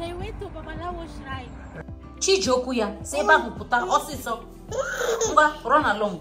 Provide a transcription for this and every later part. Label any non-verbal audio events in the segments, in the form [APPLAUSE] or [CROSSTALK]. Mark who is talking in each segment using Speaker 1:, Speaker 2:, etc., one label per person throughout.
Speaker 1: they went to Babalawo shrine. run along.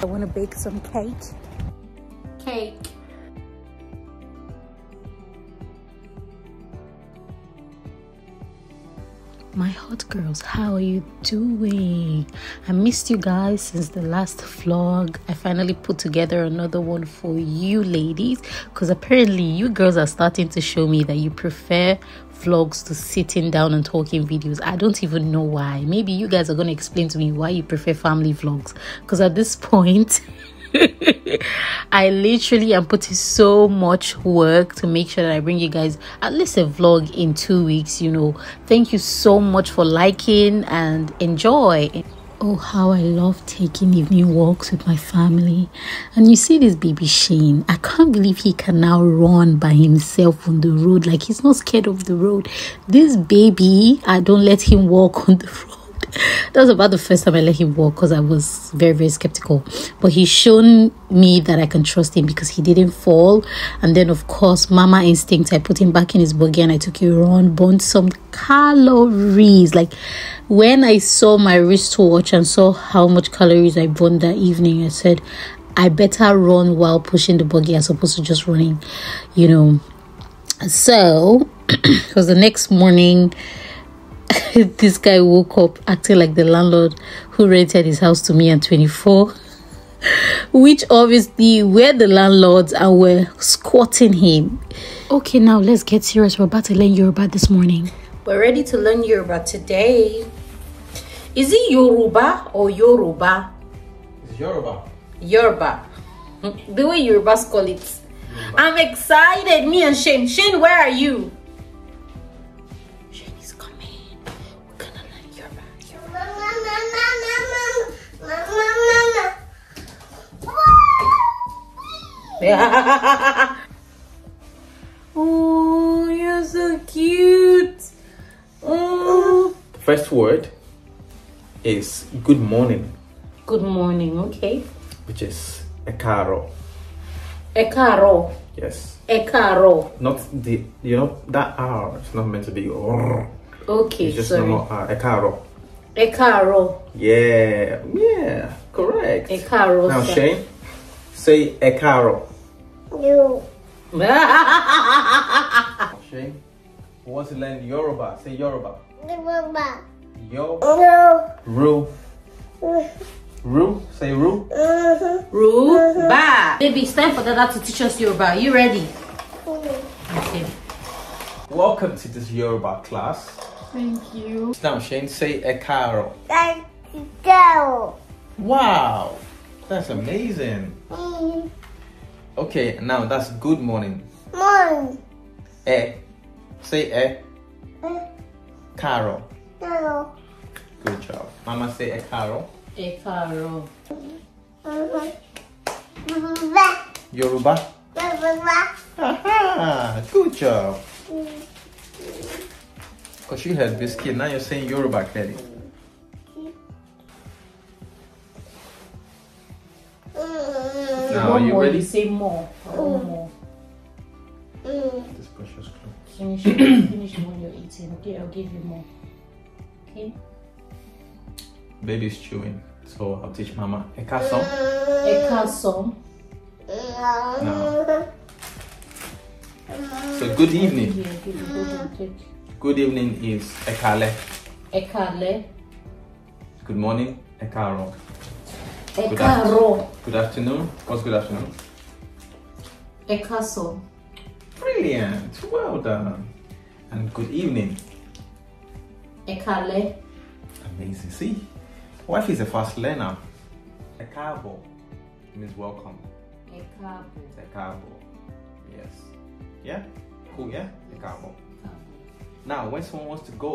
Speaker 1: I want to bake some cake. Cake. my hot girls how are you doing i missed you guys since the last vlog i finally put together another one for you ladies because apparently you girls are starting to show me that you prefer vlogs to sitting down and talking videos i don't even know why maybe you guys are going to explain to me why you prefer family vlogs because at this point [LAUGHS] [LAUGHS] I literally am putting so much work to make sure that I bring you guys at least a vlog in two weeks, you know. Thank you so much for liking and enjoy. Oh, how I love taking evening walks with my family. And you see this baby Shane. I can't believe he can now run by himself on the road. Like he's not scared of the road. This baby, I don't let him walk [LAUGHS] on the road. [LAUGHS] that was about the first time I let him walk because I was very, very skeptical. But he's shown me that I can trust him because he didn't fall. And then, of course, mama instinct, I put him back in his buggy and I took him around, burned some calories. Like when I saw my wristwatch and saw how much calories I burned that evening, I said, I better run while pushing the buggy as opposed to just running, you know. So, because [CLEARS THROAT] the next morning, [LAUGHS] this guy woke up acting like the landlord who rented his house to me at 24 [LAUGHS] which obviously were the landlords and were squatting him okay now let's get serious we're about to learn yoruba this morning we're ready to learn yoruba today is it yoruba or yoruba it's yoruba yoruba the way yorubas call it yoruba. i'm excited me and shane shane where are you [LAUGHS] oh, you're so cute. Oh.
Speaker 2: First word is good morning.
Speaker 1: Good morning, okay.
Speaker 2: Which is a caro.
Speaker 1: A caro. Yes. A caro.
Speaker 2: Not the you know that R. It's not meant to be. Okay.
Speaker 1: It's just sorry. normal
Speaker 2: R. A caro.
Speaker 1: A caro.
Speaker 2: Yeah.
Speaker 1: Yeah. Correct. A caro. Now Shane.
Speaker 2: Say é caro.
Speaker 1: You. [LAUGHS]
Speaker 2: Shay, who wants to learn Yoruba? Say Yoruba.
Speaker 1: Yoruba. Yo. No.
Speaker 2: Ru. Ru. Say Ru.
Speaker 1: Mm-hmm. Ru. Mm-hmm. Ba. Baby, it's time for Dada to teach us Yoruba. Are you ready?
Speaker 2: Mm-hmm. Okay. Welcome to this Yoruba class. Thank you. Now, Shane, say é caro. Wow, that's amazing. Morning. Okay, now that's good morning. Morning. Eh. Say eh. Eh. Carol. Carol. Good job. Mama say eh, Carol. Eh,
Speaker 1: Carol.
Speaker 2: Mm-hmm. Yoruba. Yoruba. Yoruba. Aha, good job. Because mm. you had biscuit, now you're saying Yoruba, Kelly. now, one more, ready? you
Speaker 1: say more. One mm. more.
Speaker 2: Mm. This precious clothes.
Speaker 1: Finish, [COUGHS] finish the one you're eating. Okay, I'll give you more. Okay.
Speaker 2: Baby's chewing, so I'll teach Mama. A castle.
Speaker 1: A castle. No.
Speaker 2: So mm. good evening. good, evening is Ekale.
Speaker 1: Ekale.
Speaker 2: Good morning, Ekaro. Good afternoon. What's good afternoon? Ẹ Brilliant. Well done. And good evening. Ẹ Amazing. See, wife is a fast learner. Ẹ means welcome. Ẹ káàbọ̀. Yes. Yeah? Cool, yeah? Ẹ Now, when someone wants to go,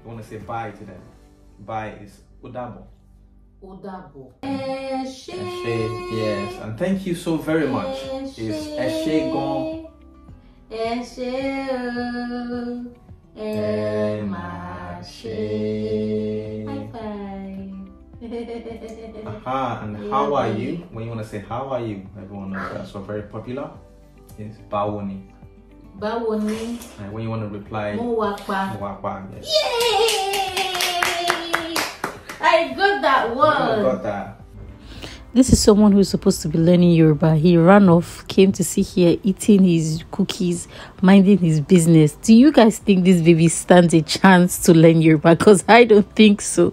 Speaker 2: you want to say bye to them. Bye is udabo.
Speaker 1: Odabo. Eshe. Eshe, yes.
Speaker 2: And thank you so very much. Eshe. It's Eshe Gon.
Speaker 1: Eshe o. Emashe. High five. Aha,
Speaker 2: and how are you? When you want to say how are you, everyone knows that. So very popular. Yes, Bawoni.
Speaker 1: Bawoni.
Speaker 2: And when you want to reply, Mwakwa. Mwakwa, yes.
Speaker 1: Yay! I got that one. I got that. This is someone who's supposed to be learning Yoruba. He ran off, came to see here eating his cookies, minding his business. Do you guys think this baby stands a chance to learn Yoruba? Because I don't think so.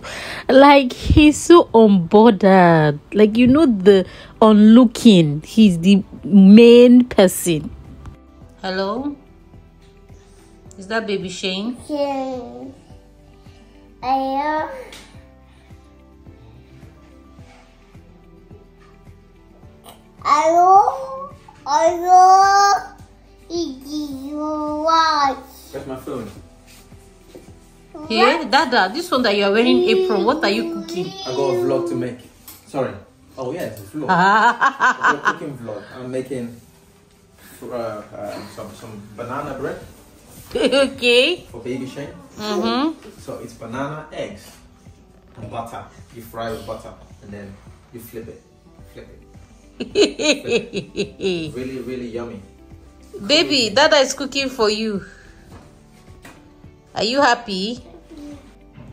Speaker 1: Like, he's so unbothered. Like, you know, the onlooking, he's the main person. Hello? Is that baby Shane? Shane. I am. Hello? Hello? Where's my phone? Here, Dada, this one that you are wearing apron, what are you cooking?
Speaker 2: I got a vlog to make. Sorry. Oh yeah, it's a vlog. [LAUGHS] a cooking vlog. I'm making uh, uh, some, some banana bread.
Speaker 1: okay.
Speaker 2: For baby Shane. Mm -hmm. So it's banana, eggs, and butter. You fry with butter and then you flip it. Flip it. [LAUGHS] really, really yummy.
Speaker 1: Baby, Dada is cooking for you. Are you happy?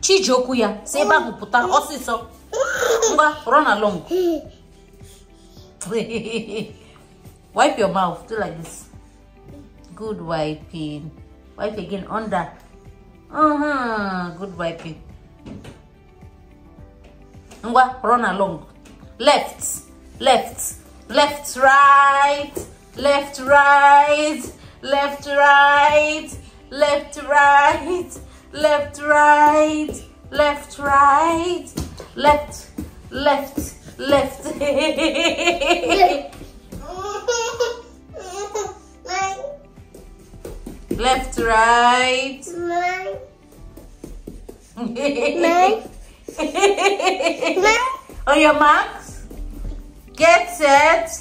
Speaker 1: Chijioku ya, si ebe ahụ pụta Ngwa, run along. [LAUGHS] Wipe your mouth, do like this. Good wiping. Wipe again under. Uh -huh. Good wiping. Ngwa, run along. Left. left, left, right, left, right, left, right, left, right, left, right, left, right, left, left, left. [LAUGHS] left, right. Mine. Mine. [LAUGHS] On your mark. Get set,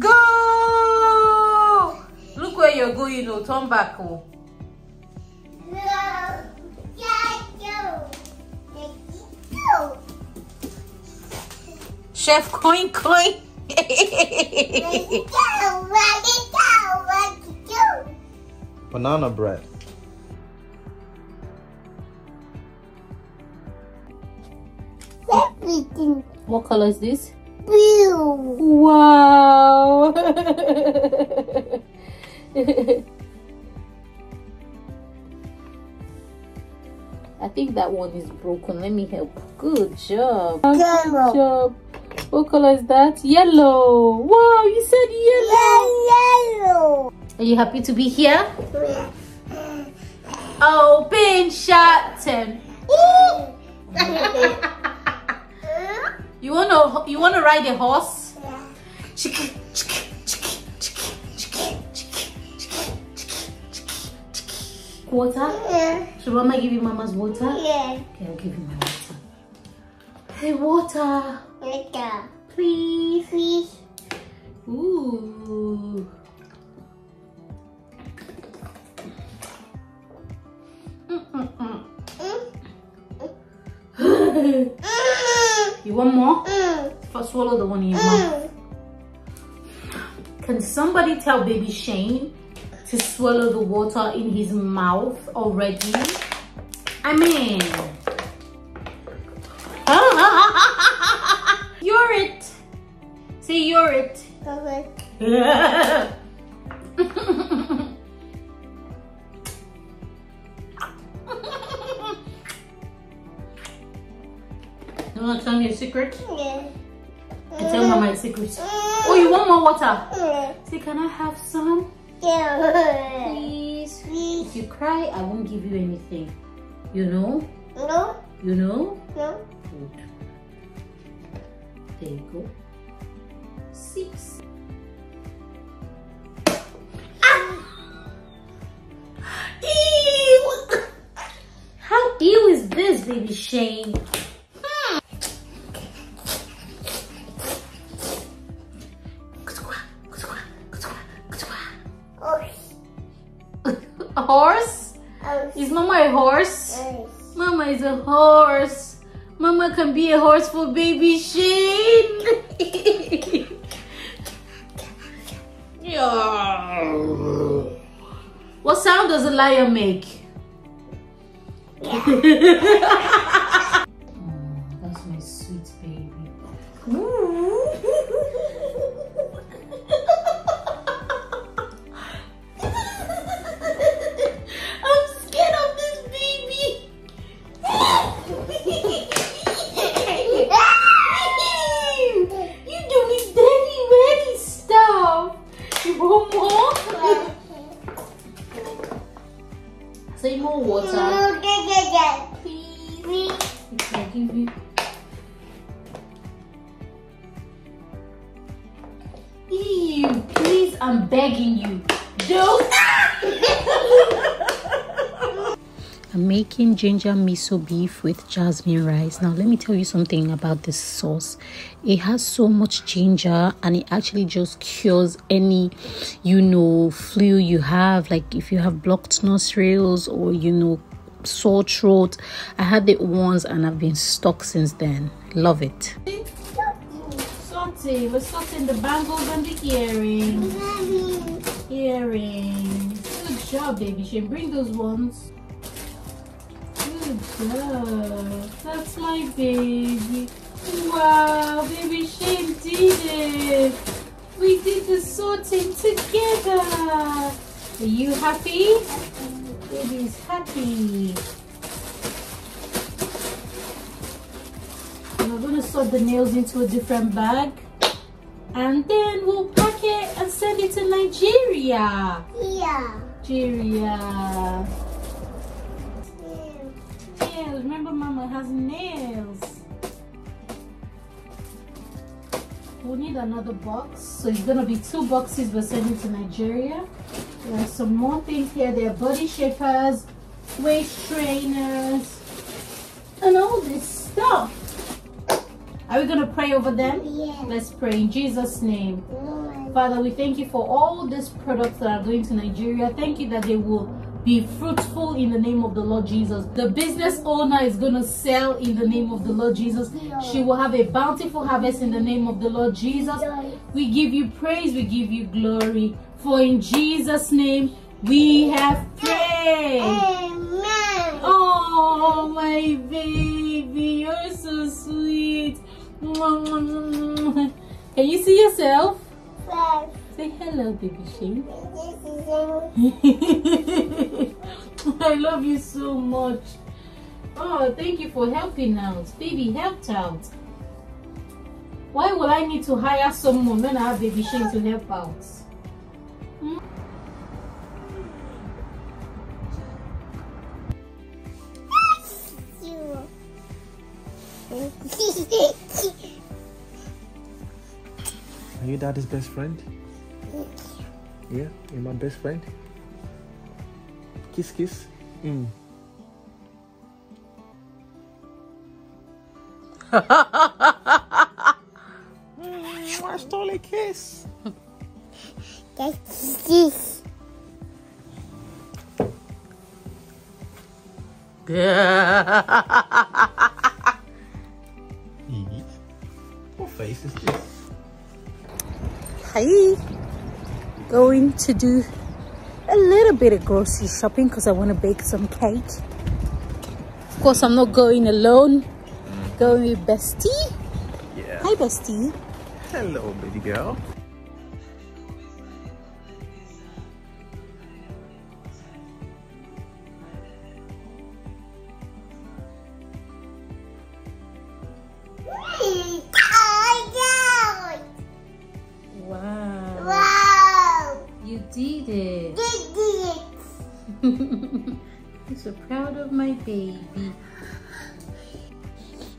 Speaker 1: go! Look where you're going, No, oh, turn back, oh. Chef Coin Coin.
Speaker 2: Banana bread.
Speaker 1: What color is this? Wow! I think that one is broken. Let me help. Good job. Yellow. Good job. What color is that? Yellow. Wow, you said yellow. Yeah, yellow. Are you happy to be here? Yeah. Open, shut, 10. [LAUGHS] [LAUGHS] You wanna you wanna ride a horse? Yeah. Chicky, chicky, Water? Yeah. Should Mama give you Mama's water? Yeah. Okay, I'll give you my water. Hey, water. Water. Please. Please. Ooh. You want more? Mm. First, swallow the one in your mm. mouth. Can somebody tell baby Shane to swallow the water in his mouth already? I mean... [LAUGHS] you're it. Say you're it. Okay. [LAUGHS] tell me a secret? Mm. Yeah. I tell mama a secret. Yeah. Mm. Oh, you want more water? Yeah. Mm. Say, can I have some? Yeah. Please. Please. If you cry, I won't give you anything. You know? No. You know? No. Good. There you go. Six. Ah! Ew! How ew is this, baby Shane? voice for baby Shane. What sound does a lion make? ginger miso beef with jasmine rice. Now, let me tell you something about this sauce. It has so much ginger and it actually just cures any, you know, flu you have. Like if you have blocked nostrils or, you know, sore throat. I had it once and I've been stuck since then. Love it. We're sorting the bangles and the earrings. Earrings. Good job, baby. She bring those ones. Oh, that's my baby. Wow, baby Shane did it. We did the sorting together. Are you happy? Baby's happy. We're going to sort the nails into a different bag. And then we'll pack it and send it to Nigeria. Yeah. Nigeria nails. Remember, Mama has nails. We need another box. So it's gonna be two boxes we're sending to Nigeria. There are some more things here. There are body shapers, waist trainers, and all this stuff. Are we going to pray over them? Yeah. Let's pray in Jesus' name. Lord. Father, we thank you for all these products that are going to Nigeria. Thank you that they will be fruitful in the name of the Lord Jesus. The business owner is going to sell in the name of the Lord Jesus. She will have a bountiful harvest in the name of the Lord Jesus. We give you praise, we give you glory. For in Jesus' name we have prayed. Amen. Oh, my baby, you're so sweet. Can you see yourself? Yes. Say hello, baby Shane. [LAUGHS] I love you so much. Oh, thank you for helping out. Baby helped out. Why would I need to hire someone when I have baby Shane to help out? Hmm?
Speaker 2: Are you daddy's best friend? yeah, you're my best friend. Kiss, kiss. Mm. [LAUGHS] mm, I stole a kiss. Kiss, kiss.
Speaker 1: Yeah. [LAUGHS] to do a little bit of grocery shopping because I want to bake some cake. Of course, I'm not going alone. Mm. Going with Bestie. Yeah. Hi, Bestie.
Speaker 2: Hello, baby girl.
Speaker 1: baby.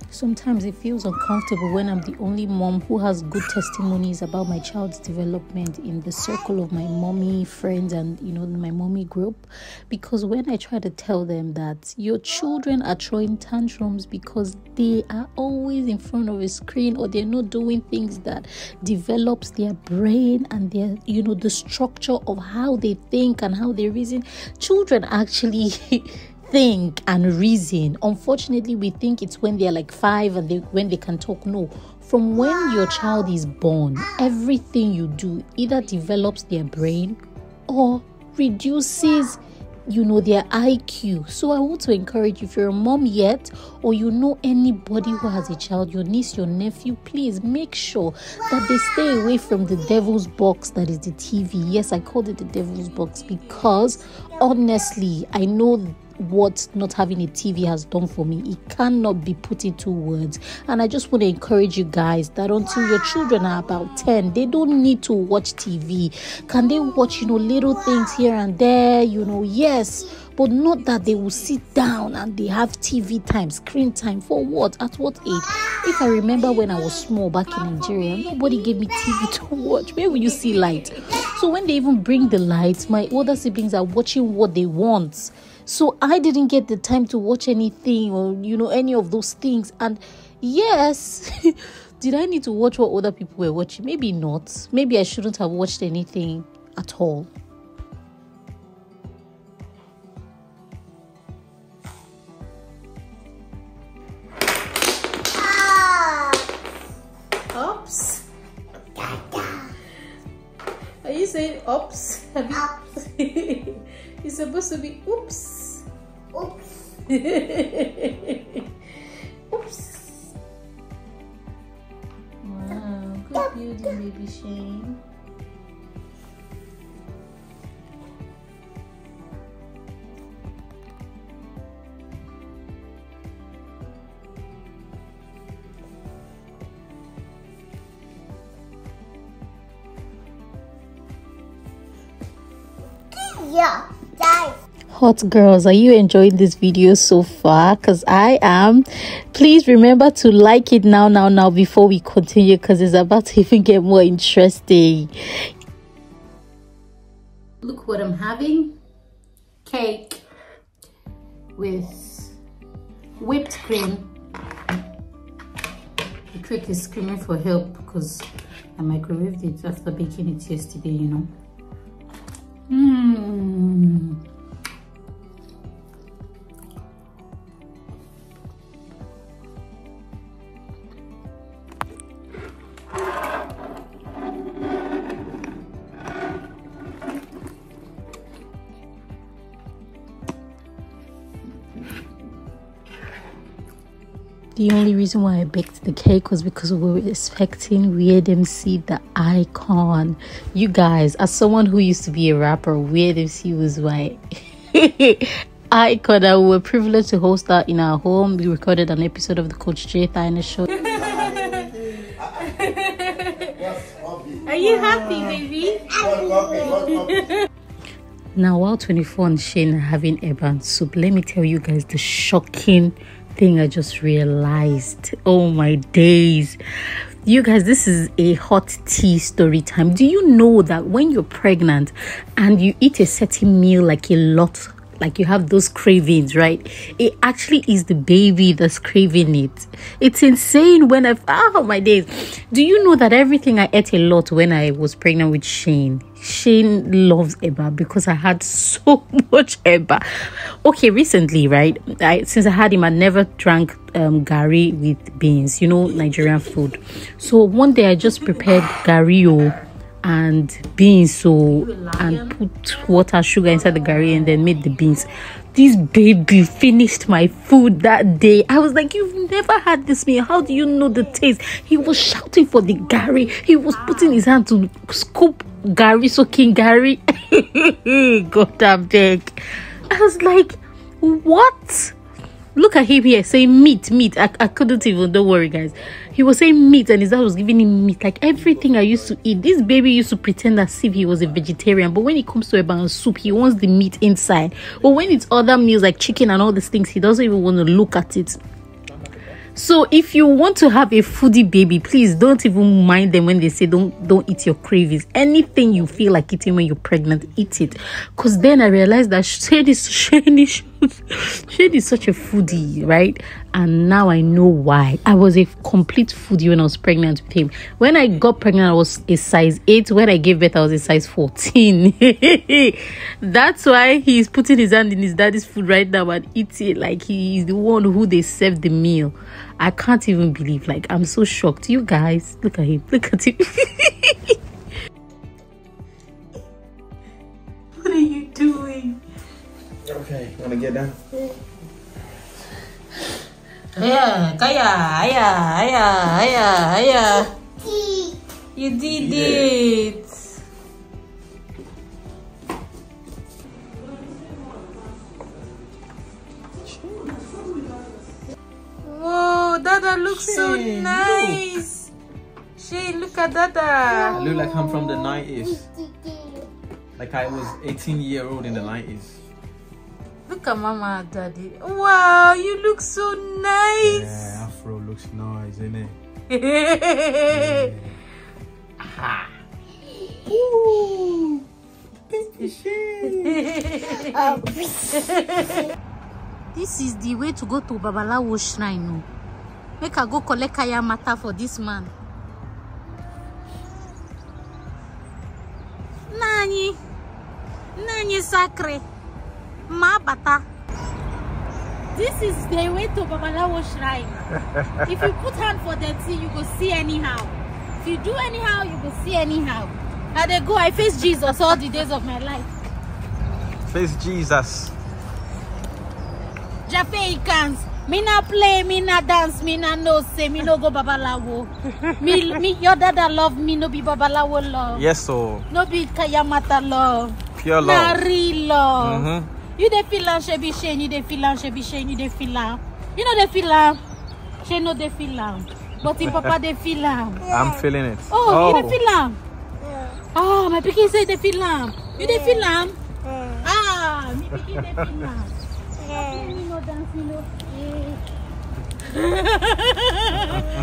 Speaker 1: Sometimes it feels uncomfortable when I'm the only mom who has good testimonies about my child's development in the circle of my mommy friends and you know my mommy group because when I try to tell them that your children are throwing tantrums because they are always in front of a screen or they're not doing things that develops their brain and their you know the structure of how they think and how they reason children actually [LAUGHS] think and reason. Unfortunately, we think it's when they're like five and they, when they can talk. No, from when your child is born, everything you do either develops their brain or reduces you know their IQ. So I want to encourage you if you're a mom yet or you know anybody who has a child, your niece, your nephew, please make sure that they stay away from the devil's box that is the TV. Yes, I called it the devil's box because honestly, I know what not having a TV has done for me. It cannot be put into words. And I just want to encourage you guys that until your children are about 10, they don't need to watch TV. Can they watch, you know, little things here and there? You know, yes but not that they will sit down and they have TV time, screen time for what? At what age? If I remember when I was small back in Nigeria, nobody gave me TV [LAUGHS] to watch. Where will you see light? So when they even bring the lights, my older siblings are watching what they want. So I didn't get the time to watch anything or, you know, any of those things. And yes, [LAUGHS] did I need to watch what other people were watching? Maybe not. Maybe I shouldn't have watched anything at all. Ah! Are you saying "oops"? you it's [LAUGHS] supposed to be oops. Oops. [LAUGHS] Oops. Wow, good beauty, baby Shane. Yeah hot girls are you enjoying this video so far because i am please remember to like it now now now before we continue because it's about to even get more interesting look what i'm having cake with whipped cream the trick is screaming for help because i microwaved it after baking it yesterday you know The only reason why I baked the cake was because we were expecting Weird MC, the icon. You guys, as someone who used to be a rapper, Weird MC was my [LAUGHS] icon. And we were privileged to host that in our home. We recorded an episode of the Coach J Thiner show. [LAUGHS] Are you happy, baby? now, while 24 and Shane are having a band soup, let me tell you guys the shocking thing I just realized. Oh my days. You guys, this is a hot tea story time. Do you know that when you're pregnant and you eat a certain meal like a lot like you have those cravings, right? It actually is the baby that's craving it. It's insane when i oh ah, my days. Do you know that everything I ate a lot when I was pregnant with Shane? Shane loves Eba because I had [LAUGHS] so much Eba. Okay, recently, right? I, since I had him, I never drank um, gari with beans, you know, Nigerian food. So one day I just prepared gari and beans so and put water sugar inside the gari and then made the beans this baby finished my food that day i was like you've never had this meal how do you know the taste he was shouting for the gari he was putting his hand to scoop gari soaking gari [LAUGHS] god damn dick i was like what Look at him here saying meat, meat. I, I couldn't even, don't worry, guys. He was saying meat, and his dad was giving him meat. Like everything I used to eat. This baby used to pretend as if he was a vegetarian, but when it comes to a bowl soup, he wants the meat inside. But when it's other meals like chicken and all these things, he doesn't even want to look at it. So if you want to have a foodie baby, please don't even mind them when they say don't don't eat your cravings. Anything you feel like eating when you're pregnant, eat it. Cause then I realized that Shady Shady [LAUGHS] Shade is such a foodie, right? And now I know why. I was a complete foodie when I was pregnant with him. When I got pregnant, I was a size 8. When I gave birth, I was a size 14. [LAUGHS] That's why he's putting his hand in his daddy's food right now and eating it like he's the one who they served the meal. I can't even believe. Like, I'm so shocked. You guys, look at him. Look at him. [LAUGHS] what are you doing? Okay, wanna get down? Yeah, kaya, yeah, yeah, yeah, yeah. You did it. Whoa, Dada looks Shay, so nice. Look. Shay, look at Dada. I look like I'm from the 90s.
Speaker 2: Like I was 18 year old in the 90s.
Speaker 1: Look at mama and daddy. Wow, you look so nice. Yeah, afro looks
Speaker 2: nice, isn't it? [LAUGHS] yeah. Ah.
Speaker 1: Ooh,
Speaker 2: this is she.
Speaker 1: this is the way to go to Babalawo shrine. Oh. Make I go collect kaya mata for this man. Nani? Nani sacre? Ma This is the way to Babalawo Shrine. if you put hand for the tea, you go see anyhow. If you do anyhow, you go see anyhow. Now they go, I face Jesus all the days of my life.
Speaker 2: Face Jesus.
Speaker 1: Jamaicans. Me not play, me not dance, me not no say, me no go babalawo. me, me, your dada love me, no be babalawo love.
Speaker 2: Yes, so. Oh.
Speaker 1: No be kayamata love.
Speaker 2: Pure love. Nari love. Mm -hmm.
Speaker 1: You the filler, she be shane, you the filler, she be shane, you the filler. You know the filler. She know the filler. But if papa the filler.
Speaker 2: Yeah. I'm feeling it. Oh, oh. you the
Speaker 1: filler. Yeah. Oh, my picking say the filler. You the filler. Yeah. Ah,
Speaker 2: my picking the filler.
Speaker 1: Yeah. Me no dance,
Speaker 2: you know. Yeah. [LAUGHS]